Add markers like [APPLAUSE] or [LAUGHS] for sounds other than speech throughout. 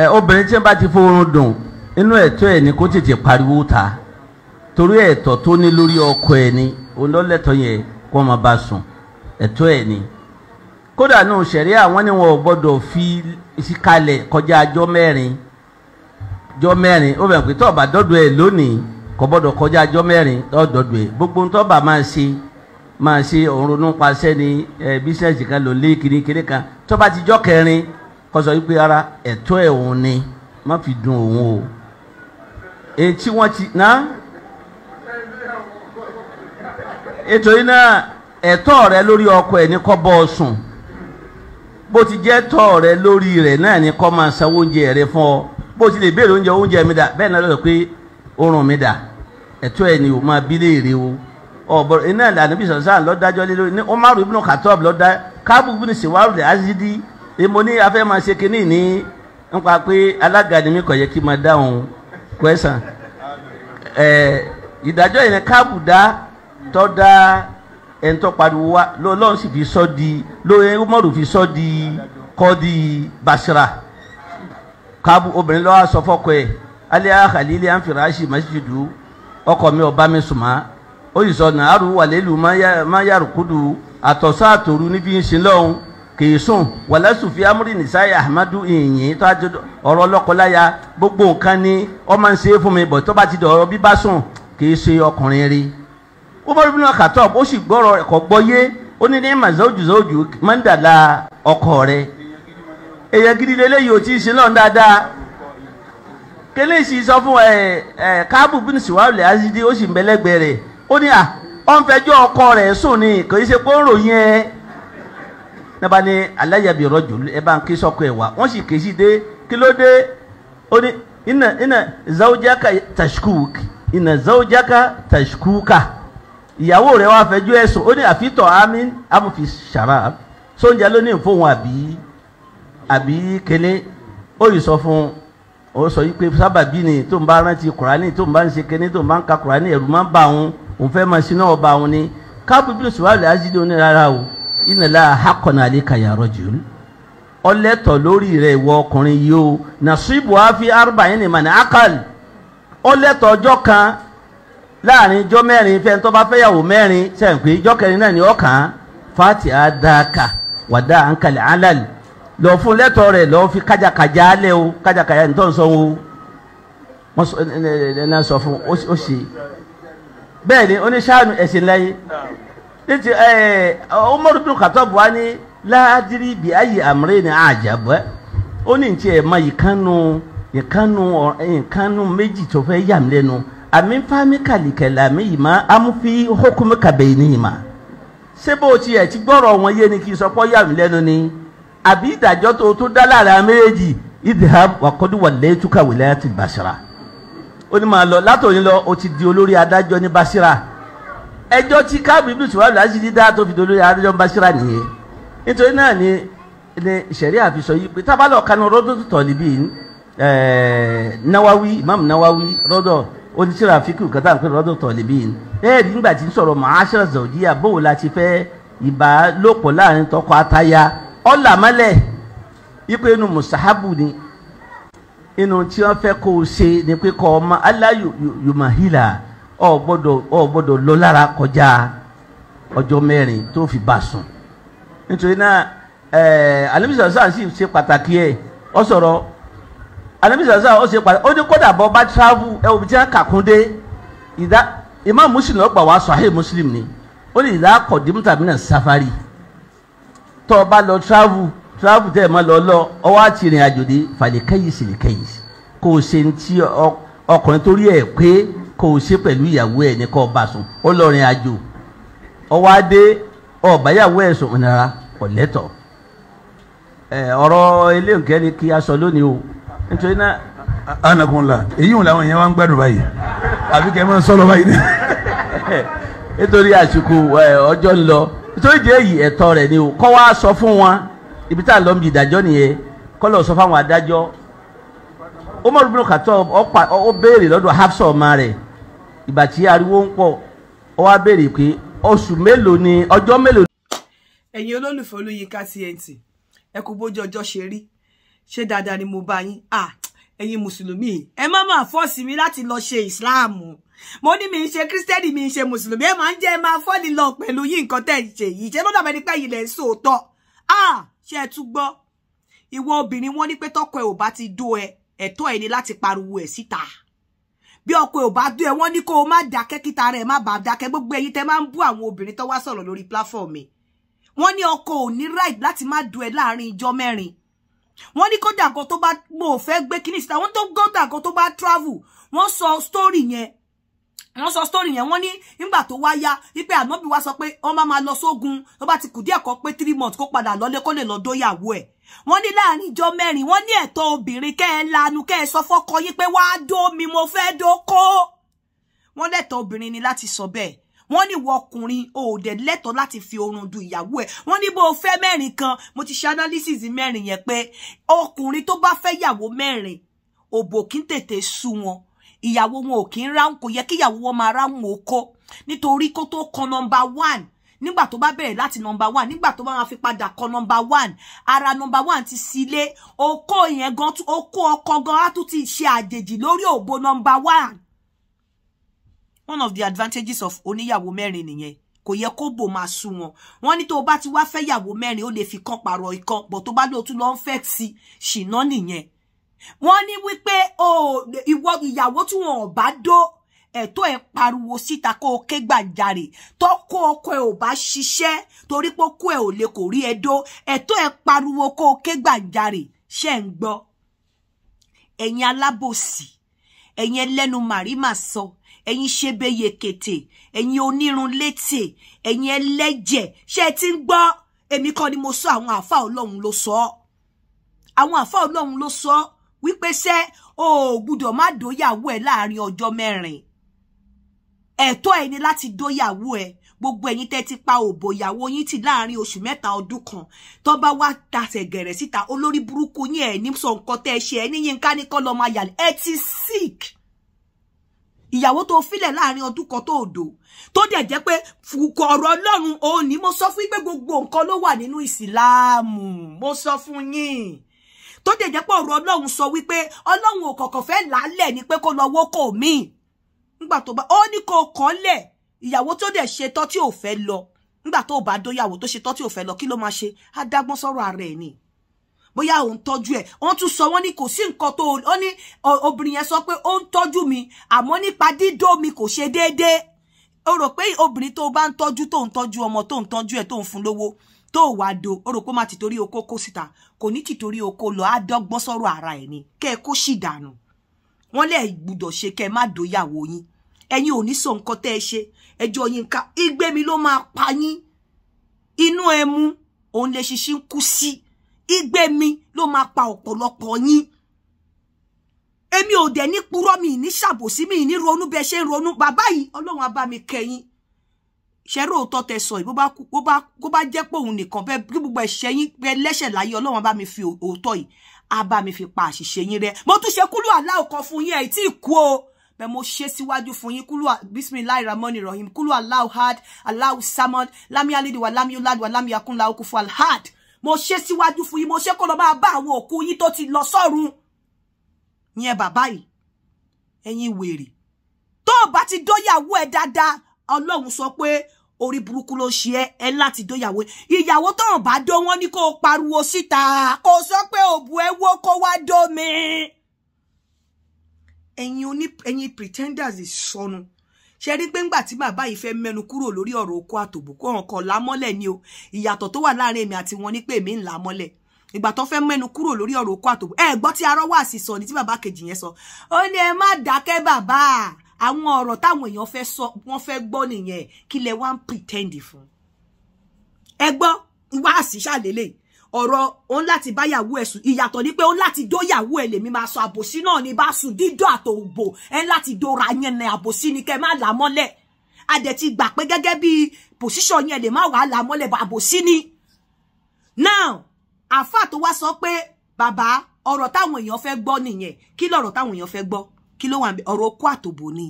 ẹ obìnrin tí wọn bá ti fóorun dùn inú ẹ̀tọ́ ẹ̀ ni tètè pariwo ta torí ẹ̀tọ́ tó ní lórí ọkọ ẹ̀ ni olólẹtọ yẹn kó bá sùn ẹ̀tọ́ ẹ̀ kódà náà sẹ̀rí àwọn ni fi kọjá mẹ́rin jọ mẹ́rin ó pé dọ́dọ̀ lónìí kò gbogbo máa ṣe máa ṣe òun ronú pa sẹ́ni kan lò kọsọ yìí ara ẹ̀tọ́ ẹ̀ ni má fi dun òun o etí wọn ti na ètò yìí náà rẹ lórí ọkọ ẹ̀ ní kó ọ sùn bó ti jẹ tọ rẹ lórí rẹ náà ní máa san oúnjẹ rẹ fún ọ bó ti lè béèrè oúnjẹ oúnjẹ mi dà náà pé oorun mi dà ni máa bí léèrè o iná ìlànà bí lé lórí ní Umaru mo ní afẹ́ máa ṣe kínní ní nípa pé alága ni mi kò yẹ kí n máa dáhùn kwẹ́sàn ìdájọ́ yẹn káàbùdá tó dá ẹni tó pariwo wá lọ́lọ́run sì fi sọ́ di lóye umaru fi sọ́ di kọ́ di basira káàbù obìnrin lọ́wọ́ sọ fọ́kọ ẹ̀ aliya khalili anfirashi masjidu ọkọ mi ọba mi sùnmọ́ ó sì sọ nàárù wàlélù má yàrá kudu àtọ̀sọ́ àtòru níbi ìsìn lọ́hùn kìsùn wàlásùfì amúrì nìsáyà ahmadu ìyìn tó a jẹ ọ̀rọ̀ lọ́kọláya gbogbo nǹkan ni ọmọ ń ṣe fún mi bọ̀ tó bá ti dọ̀rọ̀ bí bá sùn kìí ṣe ọkùnrin rí Umar ibn Khattab ó sì gbọ́rọ̀ ẹ̀kọ́ gbọ́yé ó ní ní mazauju zauju mọ́ndàlá ọkọ rẹ̀ èèyàn gidi lélẹ́yìí ò tí ì ṣe náà dáadáa kele si sọ fún ẹ ẹ káàbù bínú siwáwìlì azidi ó sì ń bẹlẹgbẹ rẹ ó ní à ọ̀nfẹ́jọ́ ọkọ rẹ̀ sùn ni kò í ṣe pé ń ròyìn ẹ nígbà ní aláyàbí rọjò ẹ bá ń ké sọkọ ẹ wá wọn sì ké sí dé kí ló dé ó ní ina ina zawjaka tashkuk ina zawjaka tashkuka ìyàwó rẹ wàá fẹjọ́ ẹ̀sùn ó ní àfitọ amin amòfin sharab sóúnjẹ ló ní fóun àbí àbí kele ó yìí sọ fún ó sọ yìí pé sábàbí ni tó ń bá rántí kùránì tó ń bá ń ṣe kele tó ń bá ń ka kùránì ẹ̀rù máa ń bà òun òun fẹ́ máa ṣiná ọba òun ni káàpù bí lóṣù wà lè ájídé onírara o ìnìlá hakọ̀nà àlékà yàrá jù ọlẹ́tọ̀ lórí rẹ̀ ìwọ ọkùnrin yìí o nasibu afi arba'in ni mani akal ọlẹ́tọ̀ ọjọ́ kan láàrin ijọ́ mẹ́rin fẹ́ni tó bá fẹ́yàwó mẹ́rin sẹ́ǹpé náà ni ọkàn fati adaka wada ankali alal lọ fún lẹ́tọ̀ rẹ̀ lọ fi kájàkájà alẹ́ o kájàkájà ní tó ń sọ o wọ́n sọ ẹ̀ ẹ̀ ẹ̀ náà sọ fún ó sì bẹ́ẹ̀ ni yace eh Umar bin Khattab wa ni la adri bi ayi amrin ajab ó ní nti ẹ ma ìkànnù ìkànnù ìkànnù méjì tó fẹ́ yà mí lẹ́nu àmì fámi kàlìkẹ̀lẹ̀ àmì yìí má amúfi hókùnmí kàbẹ̀yìn ni yìí má ṣé bó tiẹ̀ ti gbọ́rọ̀ wọn yé ni kí n sọ pé yà mí lẹ́nu ni àbí ìdájọ́ tó tó dá lára méjèèjì idhab waqad wallaytuka wilayati Basra ó ní máa lọ látòun lọ ó ti di olórí adájọ́ ní Basra ẹjọ́ tí káàbù ibùdó ṣùgbọ́n àbúlá ṣìlí dá tó fi dolórí adájọ́ báṣírà nìyẹn nítorí náà ni ni ṣẹ̀rí àfisọ yìí pé tábàlọ̀ kanu rọ́dọ̀ tó tọ̀lì bíi náwáwí imam náwáwí rọ́dọ̀ oníṣẹ́ra fíkù kẹta pé rọ́dọ̀ tọ̀lì bíi bẹ́ẹ̀ nígbà tí ń sọ̀rọ̀ màáṣẹ́ra zọ̀díyà bóò la ti fẹ́ ìbálòpọ̀ láàrin tọkọ ipe inú musahabu ni inú tí wọ́n fẹ́ kó o ọ gbọdọ ọ lọ lára kọjá ọjọ́ mẹ́rin tó fi bá sùn nítorí náà ẹ alimisa sáà sì ṣe pàtàkì ẹ ọ sọ̀rọ̀ alimisa sáà ọ ṣe pàtàkì ó ní kódà bọ bá travel ẹ òbí tí wọn kàkúndé ìdá imam muslim ni ó ní ìdá tàbí safari tọ ọ bá lọ ẹ má lọ lọ àti ìrìn kò ṣe kò ṣe pẹ̀lú ìyàwó ẹ̀ ní kọ́ bá sùn ó lọ́rin àjò ọwọ́ adé ọ̀báyàwó ẹ̀ sùn ọ̀rọ̀ ilé kí a sọ lónìí o nítorí náà. èyí làwọn yẹn wá ń báyìí àbí kẹ́ ẹ máa ń sọ́lọ́ báyìí [LAUGHS] nítorí àsìkò ọjọ́ ń lọ nítorí jẹ́ èyí ẹ̀tọ́ rẹ̀ ni o kọ́ wa sọ fún wọn ibi tá à lọ bí ìdájọ́ nìyẹn kọ́ lọ sọ ìgbà tí ariwo ń pọ̀ ó wá béèrè pé oṣù mélòó ni ọjọ́ mélòó. ẹ̀yin olólùfẹ́ olóyinka TNT ẹ kò bójú ọjọ́ ṣe rí ṣé dáadáa ni mo bá yín ẹ̀yin mùsùlùmí ẹ má máa fọ́ọ̀sì mi láti lọ ṣe ìsìláàmù mo ní mi ń ṣe kírísítẹ́nì mi ń ṣe mùsùlùmí ẹ máa ń jẹ́ ẹ máa fọ́ọ̀lì lọ pẹ̀lú yín nǹkan tẹ̀ ń ṣe yìí ṣé lọ́dọ̀ bẹ́ni pé ilẹ̀ ń sòótọ́ ṣé ẹ tún gbọ́ ìwọ obìnrin wọn ní pé tọkọ ẹ ò bá ti dó ẹ ẹ̀tọ́ ẹ ni láti pariwo ẹ síta bí ọkọ ò bá dún ẹ wọ́n ní kó o má dákẹ́ kíta rẹ̀ má bàa dákẹ́ gbogbo ẹ̀yin tẹ́ máa ń bú àwọn obìnrin tó wá sọ̀rọ̀ lórí platform mi wọ́n ní ọkọ ò ní right láti má dún ẹ láàrin ìjọ́ mẹ́rin wọ́n ní kódà kan tó bá mo fẹ́ gbé kíní síta wọ́n tó kódà kan tó bá travel wọ́n sọ story yẹn wọ́n sọ story yẹn wọ́n ní nígbà tó wá yá wípé ànábì wá sọ pé wọ́n máa máa lọ sógun ló bá ti kù díẹ̀ kan pé three months kó padà lọlé kó lè lọ dóyàwó ẹ̀ wọ́n ní láàrin ìjọ mẹ́rin wọ́n ní ẹ̀tọ́ obìnrin kẹ́ ẹ lanu kẹ́ ẹ sọ fọ́kọ yín pé wàá dó mi mo fẹ́ dóko wọ́n lẹ́tọ̀ obìnrin ni láti sọ bẹ́ẹ̀ wọ́n ní ìwọ ọkùnrin o ò dẹ̀ lẹ́tọ̀ọ́ láti fi oorun du ìyàwó ẹ̀ wọ́n ní bó o fẹ́ mẹ́rin kan mo ti ṣe analysis mẹ́rin yẹn pé ọkùnrin tó bá fẹ́ yàwó mẹ́rin òbò kí n tètè sú wọn ìyàwó wọn ò kí ń ráhùn kò yẹ kí ìyàwó wọn máa ráhùn okó nítorí kó tó kan nọmba one nígbà tó bá bẹ̀rẹ̀ láti nọmba one nígbà tó bá máa fi padà kan nọmba one ara nọmba one ti sílé okó yẹn gan okó ọkọ gan á tún ti ṣe àjèjì lórí òbò nọmba one one of the advantages of oníyàwó mẹ́rin nìyẹn kò yẹ kó bò máa sú wọn wọn ní tó o bá ti wá fẹ́ yàwó mẹ́rin ó lè fi kan pààrọ̀ ìkan bọ̀ tó bá lóòótú lọ fẹ́ sí ṣìnà nìyẹn wọ́n ní wípé ìwọ ìyàwó tí wọn ò bá dó ẹ̀tọ́ ẹ̀ pariwo síta kó o ké gbàjarè tó kó ọkọ ẹ̀ ò bá ṣiṣẹ́ torí pé kó ẹ̀ ò lè kò rí ẹ dó ẹ̀tọ́ ẹ̀ pariwo kó o ké gbàjarè ṣe ń gbọ́ ẹ̀yin alábòsí ẹ̀yin ẹlẹ́nu màrímà sọ ẹ̀yin ṣebeye kètè ẹ̀yin onírun létè ẹ̀yin ẹlẹ́jẹ̀ ṣe ti ń gbọ́ èmi kọ́ ni mo sọ àwọn àfa Ọlọ́run ló sọ àwọn àfa Ọlọ́run ló sọ ọ wípé ṣé o ò gbúdọ̀ má dóyàwó ẹ láàrin ọjọ́ mẹ́rin ẹ̀tọ́ ẹni láti dóyàwó ẹ gbogbo ẹ̀yin tẹ́ ti pa òbò ìyàwó yín tì láàrin oṣù mẹ́ta ọdún kan tó bá wá tasẹ̀ gẹ̀rẹ̀ síta olórí burúkú yín ẹ̀ ní sọ nǹkan tẹ́ ẹ ṣe ẹ níyìn ká ní kọ́ lọ́ máa ẹ ti sick ìyàwó tó filẹ̀ láàrin ọdún kan tó òdò tó dẹ̀ jẹ́ pé fùkọ̀ ọ̀rọ̀ ọlọ́run òun ni mo sọ fún yín pé gbogbo nǹkan ló wà nínú ìsìláàmù mo sọ fún yín tó dẹ̀ jẹ́ pé ọ̀rọ̀ ọlọ́run sọ wípé ọlọ́run ò kọ̀kọ̀ fẹ́ làálẹ̀ ni pé kó lọ wó kò míì nígbà tó bá ó ní kó kàn lẹ̀ ìyàwó tó dẹ̀ ṣe tọ́ tí ò fẹ́ lọ nígbà tó bá dóyàwó tó ṣe tọ́ tí ò fẹ́ lọ kí ló máa ṣe á dágbọ́n sọ̀rọ̀ ara ẹ̀ ni bóyá òun tọ́jú ẹ̀ wọ́n tún sọ wọ́n ní kò sí nǹkan tó ó ní obìnrin yẹn sọ pé ó ń tọ́jú mi àmọ́ nípa dídó mi kò ṣe déédéé o rò pé obìnrin tó bá ń tọ́jú tó ń tọ́jú ọmọ tó ń tọ́jú ẹ̀ tó ń fún lówó tó wà do ó rò pé má ti torí oko kó síta kò ní ti oko lọ á dọ́gbọ́n sọ̀rọ̀ ara ẹ̀ ni kẹ́ ẹ kó sì dànù wọ́n lẹ̀ gbúdọ̀ ṣe kẹ́ ẹ má dòyàwó yín ẹ̀yin ò ní sọ nǹkan tẹ́ ẹ ṣe ẹjọ́ yín ká igbe mi ló máa pa yín inú ẹmu òun lè ṣiṣi kú sí igbe mi ló máa pa ọ̀pọ̀lọpọ̀ yín èmi ò dẹ̀ ní purọ́ mi ní ṣàbòsí mi ní ronú bẹ́ẹ̀ ṣe ń ronú bàbá yìí ọlọ́run á mi kẹ́yìn ṣe róòótọ́ tẹ sọ yìí bó bá jẹ́ pé òun nìkan fẹ́ kí gbogbo ẹ̀ṣẹ̀ yín pẹ́ lẹ́ṣẹ̀ láyé ọlọ́run bá mi fi òótọ́ yìí á bá mi fi pa àṣìṣe yín rẹ mo tún ṣe kúlù aláwọ̀ kan fún yín ẹ̀ tí ì kú o bẹ mo ṣe síwájú fún yín kúlù bisimilahi ramoni rahim kúlù aláwọ̀ hard aláwọ̀ samad lami alidi wa lami oladu wa alhad mo ṣe síwájú fún yín mo ṣe kó lọ máa bá àwọn òkú yín tó ti lọ sọ́run yẹn bàbá yìí ẹ̀yin wèrè tó o bá ti dóyàwó ẹ dáadáa ọlọ́run sọ pé orí burúkú ló ṣe ẹ́ ẹ láti dóyàwó ìyàwó tó hàn bá dó wọn ní kó o pariwo síta kó o sọ pé òbú ẹ wó kó wá dó mi. ẹ̀yin oní ẹ̀yin pretenders sọnù ṣe rí pé ńgbà tí bàbá yìí fẹ́ mẹ́nu kúrò lórí ọ̀rọ̀ oko àtòbò kó hàn kan lámọ́lẹ̀ ni o ìyàtọ̀ tó wà láàrin èmi àti wọn ni pé èmi ń lámọ́lẹ̀ ìgbà tó fẹ́ mẹ́nu kúrò lórí ọ̀rọ̀ oko àtòbò ẹ gbọ́ tí arọ́wọ́ àsìsọ ni tí bàbá kejì yẹn sọ ó ní ẹ má dákẹ́ bàbá àwọn ọ̀rọ̀ táwọn èèyàn fẹ́ sọ wọ́n fẹ́ gbọ́ nìyẹn kí lẹ wá ń pretend fún ẹ gbọ́ wá sí ṣàlélẹ̀ ọ̀rọ̀ òun láti bá yàwó ẹ̀ sùn ìyàtọ̀ ni pé òun láti dó yàwó ẹ̀ lèmi máa sọ àbòsí náà ni bá sùn dídó àtòògbò ẹ láti dóra yẹn ní àbòsí ni kẹ má là mọ́lẹ̀ adẹ̀ ti gbà pé gẹ́gẹ́ bí pòsíṣọ̀ yẹn lè má wàá là mọ́lẹ̀ àbòsí ni now àfáà tó wá sọ pé bàbá ọ̀rọ̀ táwọn èèyàn fẹ́ gbọ́ nìyẹn kí lọ̀rọ̀ táwọn èèyàn fẹ́ gbọ́ kí ló wà ń bẹ ọ̀rọ̀ okó àtòbò ni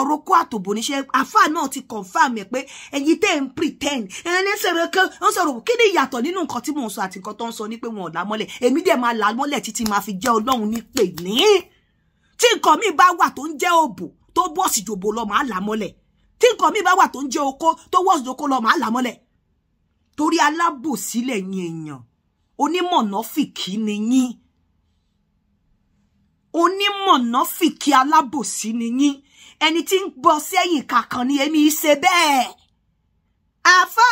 ọ̀rọ̀ okó àtòbò ni ṣe àfa náà ti confam ẹ̀ pé ẹ̀yin tẹ́ ń pretend ẹni sọ̀rọ̀ kan ń sọ̀rọ̀ kí ni ìyàtọ̀ nínú nǹkan tí mò ń sọ àti nǹkan tó ń sọ ni pé wọn ò lámọ́lẹ̀ èmi dẹ̀ máa lámọ́lẹ̀ títí máa fi jẹ́ ọlọ́run ní pè ní tí nǹkan mi bá wà tó ń jẹ́ òbò tó bọ́ọ̀sì jòbó lọ máa lámọ́lẹ̀ tí nǹkan mi bá wà tó ń jẹ́ okó tó bọ́ọ̀sì jòkó lọ máa lámọ́lẹ̀ torí alábòsílẹ̀ yín èèyàn onímọ̀nàfìkì ni yín fìkì alábòsí ni yín ẹni tí ń gbọ́ sẹ́yìn kankan ni èmi ṣe bẹ́ẹ̀ àfà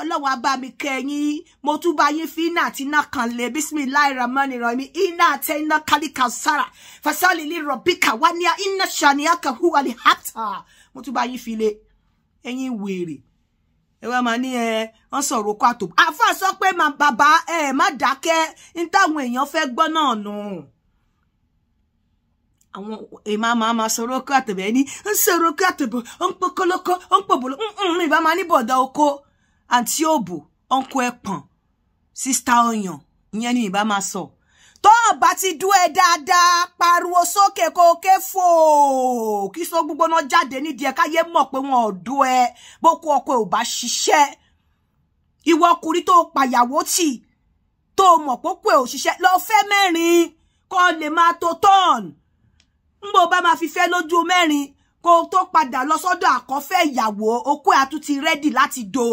ọlọ́wọ́ abámi kẹyìn mo tún bá yín fi iná àti iná kan lè bisimilayi ramani rami iná àti iná kálíkà sára fasali ní rọ̀bíkà wá ní iná ṣàníyàkà húwa ní hàtà mo tún bá yín fi lé ẹ̀yin wèrè ẹ wá máa ní ẹ wọ́n sọ̀rọ̀ kó àtò àfà sọ pé bàbá ẹ má dákẹ́ ní táwọn èèyàn fẹ gbọ́ náà nù. No àwọn èèmà máa ma sọ̀rọ̀ ọkọ àtẹ̀bẹ̀ ní ń sọ̀rọ̀ ọkọ àtẹ̀bẹ̀ ó ń pọ́kọ́lọ́kọ́ ń pọ̀bọ̀lọ́ ń ìbá máa oko àǹtí òbò ọ̀nkọ ẹ̀pọ̀n sísítà ọ̀yàn ìyẹn ni ìbá máa sọ. tó o bá ti dún ẹ dáadáa pariwo sókè kó o ké fò kí sọ gbígbóná jáde nídìí ẹ káyé mọ̀ pé wọn ò dún ẹ bókú ọkọ ò bá ṣiṣẹ́ ìwọ ọkùnrin tó pàyàwó tì tó mọ̀ lè máa tó tọ́ọ̀nù ngbò bá máa fi fẹ́ lójú mẹ́rin kó tó padà lọ sọ́dọ̀ àkọ́fẹ́ ìyàwó okó ẹ̀ àtún ti rẹ́dì láti do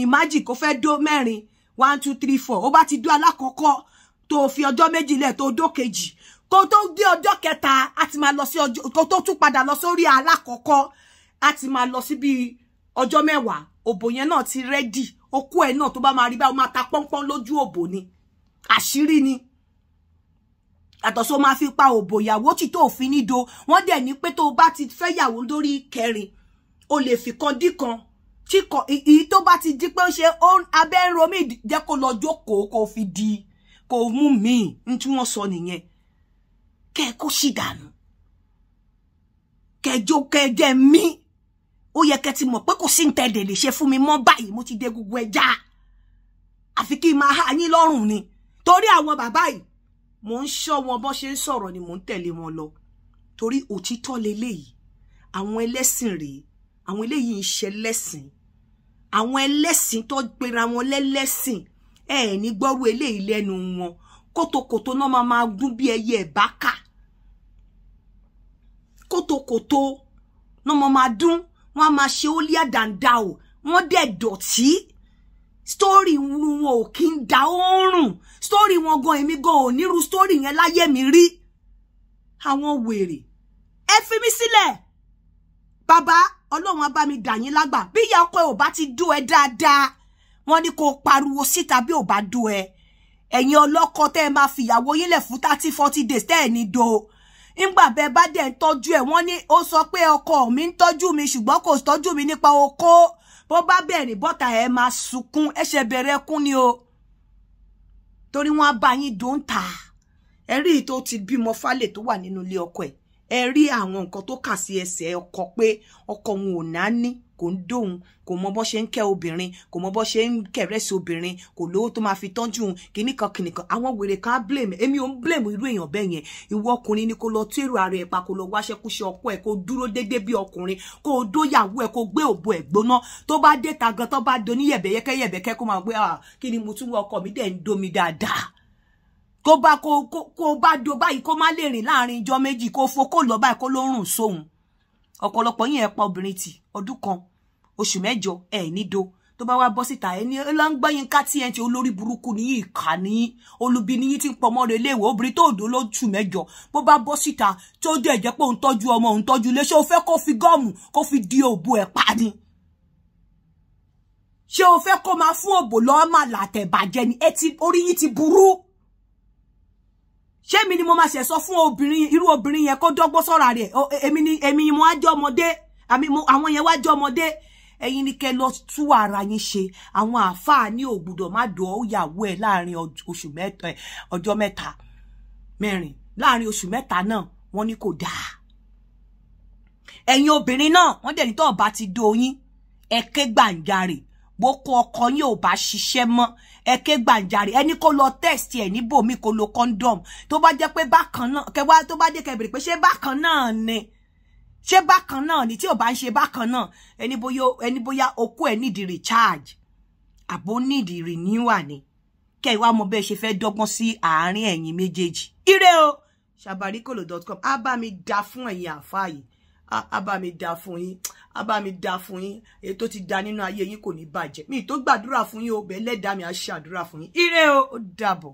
ìmájì kó fẹ́ dó mẹ́rin one two three four ó bá ti dó alákọ̀ọ́kọ́ to fi ọjọ́ méjì lẹ̀ tó dó kejì kó tó dé ọjọ́ kẹta a ti máa lọ sí ọjọ́ kó tó tún padà lọ sórí alákọ̀ọ́kọ́ a ti máa lọ sí bíi ọjọ́ mẹ́wàá òbò yẹn náà ti rẹ́dì okó ẹ̀ náà tó bá máa rí báyìí ó máa ta pọ́npọ́n lójú òbò ni àṣírí ni àtọ̀ so máa fi pa òbò ìyàwó tí tó fi ní do wọ́n dẹ̀ ní pé tó bá ti fẹ́ yàwó lórí kẹrin o lè fi kan dí kan tí kan èyí tó bá ti di pé ó ṣe abẹ́ ń romí jẹ́ kó lọ jókòó kó fi di kó mú míì ní tí wọ́n sọ nìyẹn kẹ́ ẹ kó sì dànù kẹjọ kẹjẹ mí ó yẹ kẹ́ ti mọ̀ pé kò sí ntẹ̀dẹ̀ lè ṣe fún mi mọ́ báyìí mo ti dé gbogbo ẹja àfi kí n máa há yín lọ́rùn ni torí àwọn bàbá yìí mò ń ṣọ́ wọn bó ṣe ń sọ̀rọ̀ ni mò ń tẹ̀lé wọn lọ torí òtítọ́ leléyìí àwọn ẹlẹ́sìn rèé àwọn eléyìí ń ṣe lẹ́sìn àwọn ẹlẹ́sìn tó gbéra wọn lẹ́lẹ́sìn ẹ ẹ̀ ní gbọ́rú eléyìí lẹ́nu wọn kótókótó náà máa máa gún bí ẹyẹ ìbáka kótókótó náà máa máa dún wọn a máa ṣe ó líà dáadáa o wọn dẹ̀ dọ̀tí story wọn ò kí ń da oorun story wọn gan èmi gan ò story yẹn láyé mi rí àwọn wèrè ẹ fi mi sílẹ̀ bàbá ọlọ́run á bá mi dà yín lágbà bí ìyá ọkọ ẹ ò bá ti dú ẹ dáadáa wọn ní kó pariwo síta bí ò bá dú ẹ ẹ̀yin ọlọ́kọ tẹ́ ẹ máa fìyàwó yín lẹ̀ fún thirty forty days tẹ́ ẹ ní do ńgbà bẹ́ẹ̀ bá dẹ̀ ń tọ́jú ẹ̀ wọ́n ní ó sọ pé ọkọ mi ń tọ́jú mi ṣùgbọ́n kò tọ́jú mi nípa okó bó bá bẹ̀rẹ̀ bọ́ta ẹ máa sunkún ẹ ṣe bẹ̀rẹ̀ ẹkún ni o torí wọ́n á bá yín dùn ta ẹ rí i tó ti bímọ fálè tó wà nínú ilé ọkọ ẹ̀ ẹ rí àwọn nǹkan tó kà sí ẹsẹ̀ ọkọ pé ọkọ òun ò náání kò ń dóhun kò mọ bó ṣe ń kẹ́ obìnrin kò mọ bó ṣe ń kẹrẹsì obìnrin kò lówó tó máa fi tọ́jú òun kìnnìkan kìnnìkan àwọn wèrè kan á blame èmi ò ń blame irú èèyàn bẹ́ẹ̀ yẹn ìwọ ọkùnrin ni kò lọ tú èrò ara ẹ̀ pa kò lọ wáṣẹ́ kú ṣe ọkọ ẹ̀ kò dúró déédé bí ọkùnrin kò dóyàwó ẹ̀ kò gbé òbo ẹ̀ gbóná tó bá dé ta gan tó bá do ní yẹ̀bẹ̀yẹ́kẹ́ yẹ̀bẹ̀kẹ́ kó máa gbé kí ni mo tún wọ ọkọ mi dẹ̀ ń domi dáadáa kó bá ko ko ba do báyìí kó má lè rìn láàrin ijọ́ méjì kó fo kó lọ báyìí kó ló rùn sóhun ọ̀pọ̀lọpọ̀ yín pa obìnrin tì ọdún kan oṣù mẹ́jọ ẹ ní do ba wa wá bọ́ síta ẹ ní ló ń gbọ́yìn ká tí ẹ ti olórí burúkú ní ìkà ní olubi níyí tí ń pọmọ rẹ léèwé obìnrin tó dó lóṣù mẹ́jọ bó bá bọ́ síta tó dé jẹ́ pé òun tọ́jú ọmọ òun tọ́jú ilé ṣé o fẹ́ kó fi gọ́ọ̀mù kó fi di òbu ẹ̀ pa ni ṣé o fẹ́ kó máa fún òbò lọ́ọ́ máa làtẹ̀ bàjẹ́ ni ẹ ti ori yín ti burú ṣé èmi ni mo máa ṣe sọ fún obìnrin irú obìnrin yẹn kó dọ́gbọ́n sọ́ra rẹ̀ e, èmi ni èmi ni mo á jẹ́ ọmọdé àwọn yẹn wá ọmọdé ẹ̀yin ni kẹ́ lọ tú ara yín ṣe àwọn àáfàá ní ò gbọ́dọ̀ má dọ̀ ó yàwó ẹ̀ láàrin oṣù mẹ́ta ọjọ́ mẹ́ta mẹ́rin láàrin oṣù mẹ́ta náà wọ́n ní kò dáa ẹ̀yin obìnrin náà wọ́n dẹ̀ ní tọ́ọ̀ bá ti do yín ẹ̀kẹ́ gbàǹjarè boko ọkọ yín ò bá ṣiṣẹ́ mọ́ ẹ ké gbàǹjarè ẹni kó lọ test ẹ níbòmí kó lo condom tó bá jẹ́ pé bákan náà kẹwàá tó bá dé kẹbìrì pé ṣé bákan náà ni ṣé bákan náà ni tí ò bá ń ṣe bákan náà ẹni bóyá ẹni bóyá okú ẹ nídìí recharge àbó nídìí renewal ni kẹwàá mọ bẹ́ẹ̀ ṣe fẹ́ dọ́gbọ́n sí àárín ẹ̀yin méjèèjì ire o sabarikolo dot com á bá mi dá fún ẹ̀yin àfáà yìí á bá mi dá fún yín Abami bá mi dáa fún yín ti da nínú ayé yín kò ní bàjẹ́ mi tó gbàdúrà fún yín o bẹ́ẹ̀ lẹ́dàá mi á ṣàdúrà fún yín ire o dabo.